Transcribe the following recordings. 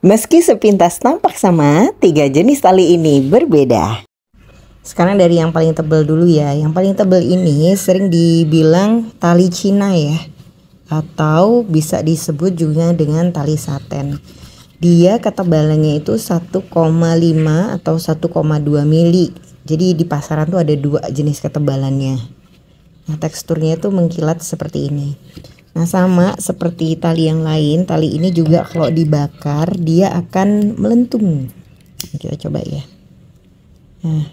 Meski sepintas tampak sama, tiga jenis tali ini berbeda. Sekarang dari yang paling tebal dulu ya. Yang paling tebal ini sering dibilang tali Cina ya. Atau bisa disebut juga dengan tali saten. Dia ketebalannya itu 1,5 atau 1,2 mili. Jadi di pasaran tuh ada dua jenis ketebalannya. Nah, teksturnya itu mengkilat seperti ini. Nah sama seperti tali yang lain Tali ini juga kalau dibakar Dia akan melentung Kita coba ya Nah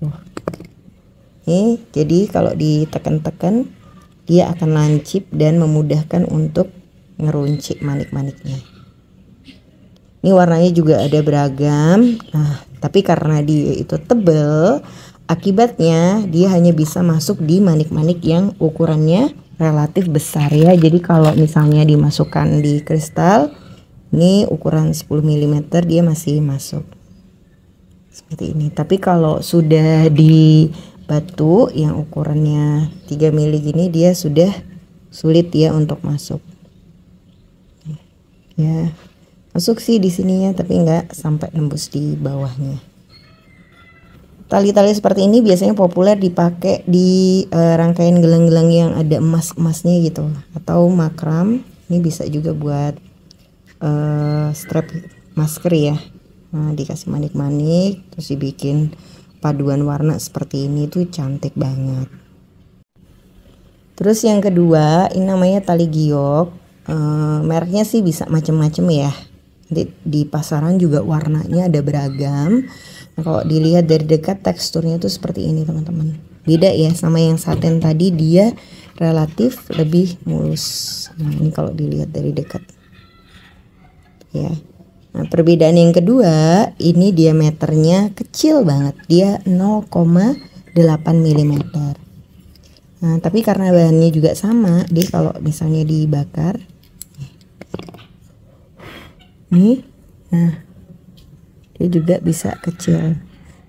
tuh Ini jadi kalau ditekan-tekan Dia akan lancip dan memudahkan untuk Ngeruncik manik-maniknya Ini warnanya juga ada beragam Nah tapi karena dia itu tebel Akibatnya dia hanya bisa masuk di manik-manik yang ukurannya relatif besar ya jadi kalau misalnya dimasukkan di kristal ini ukuran 10 mm dia masih masuk seperti ini tapi kalau sudah di batu yang ukurannya 3 mm gini dia sudah sulit ya untuk masuk ya masuk sih di sininya tapi nggak sampai nembus di bawahnya Tali-tali seperti ini biasanya populer dipakai di uh, rangkaian gelang-gelang yang ada emas-emasnya gitu atau makram. Ini bisa juga buat uh, strap masker ya. Nah, dikasih manik-manik terus dibikin paduan warna seperti ini tuh cantik banget. Terus yang kedua, ini namanya tali giok. uh, mereknya sih bisa macem-macem ya. Di, di pasaran juga warnanya ada beragam. Nah, kalau dilihat dari dekat teksturnya itu seperti ini teman-teman. Beda ya sama yang saten tadi dia relatif lebih mulus. Nah ini kalau dilihat dari dekat. Ya. Nah perbedaan yang kedua ini diameternya kecil banget. Dia 0,8 mm. Nah tapi karena bahannya juga sama dia kalau misalnya dibakar. Nih. Nah dia juga bisa kecil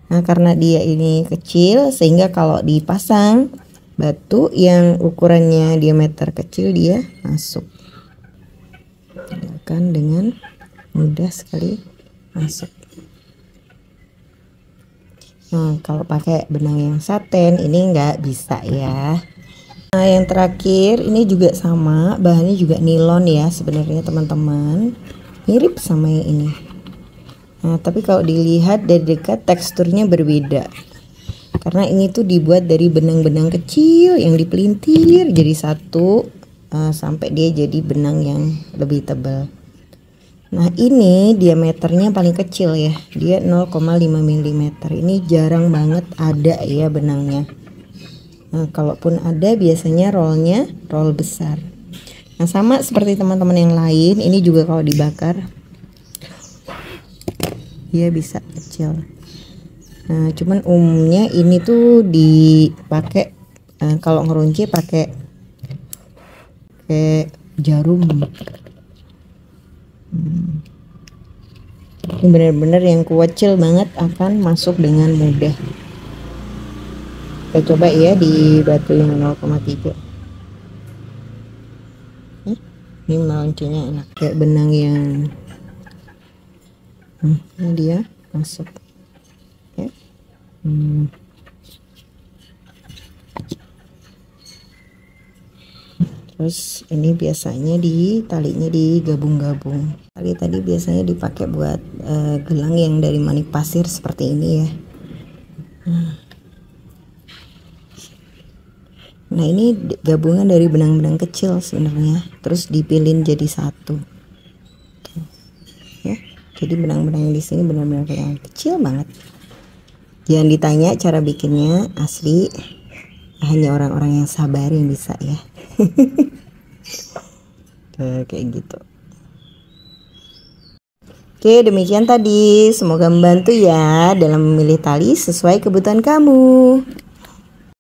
nah karena dia ini kecil sehingga kalau dipasang batu yang ukurannya diameter kecil dia masuk akan dengan mudah sekali masuk Nah, kalau pakai benang yang saten ini nggak bisa ya. Nah, yang terakhir ini juga sama, bahannya juga nilon ya sebenarnya teman-teman. Mirip sama yang ini. Nah, tapi kalau dilihat dari dekat teksturnya berbeda. Karena ini tuh dibuat dari benang-benang kecil yang dipelintir jadi satu uh, sampai dia jadi benang yang lebih tebal. Nah, ini diameternya paling kecil ya. Dia 0,5 mm. Ini jarang banget ada ya benangnya. Nah, kalaupun ada biasanya rollnya roll besar. Nah, sama seperti teman-teman yang lain, ini juga kalau dibakar dia bisa kecil nah cuman umumnya ini tuh dipakai uh, kalau ngerunci pakai kayak jarum hmm. ini bener bener yang kecil banget akan masuk dengan mudah kita coba ya di batu yang 0,3 ini meluncinya enak kayak benang yang hmm, ini dia masuk ya hmm. terus ini biasanya di talinya digabung-gabung tali tadi biasanya dipakai buat uh, gelang yang dari manik pasir seperti ini ya nah ini gabungan dari benang-benang kecil sebenarnya terus dipilin jadi satu jadi benang-benang yang di sini benar-benar kayak kecil banget jangan ditanya cara bikinnya asli hanya orang-orang yang sabar yang bisa ya Tuh, kayak gitu Oke demikian tadi semoga membantu ya dalam memilih tali sesuai kebutuhan kamu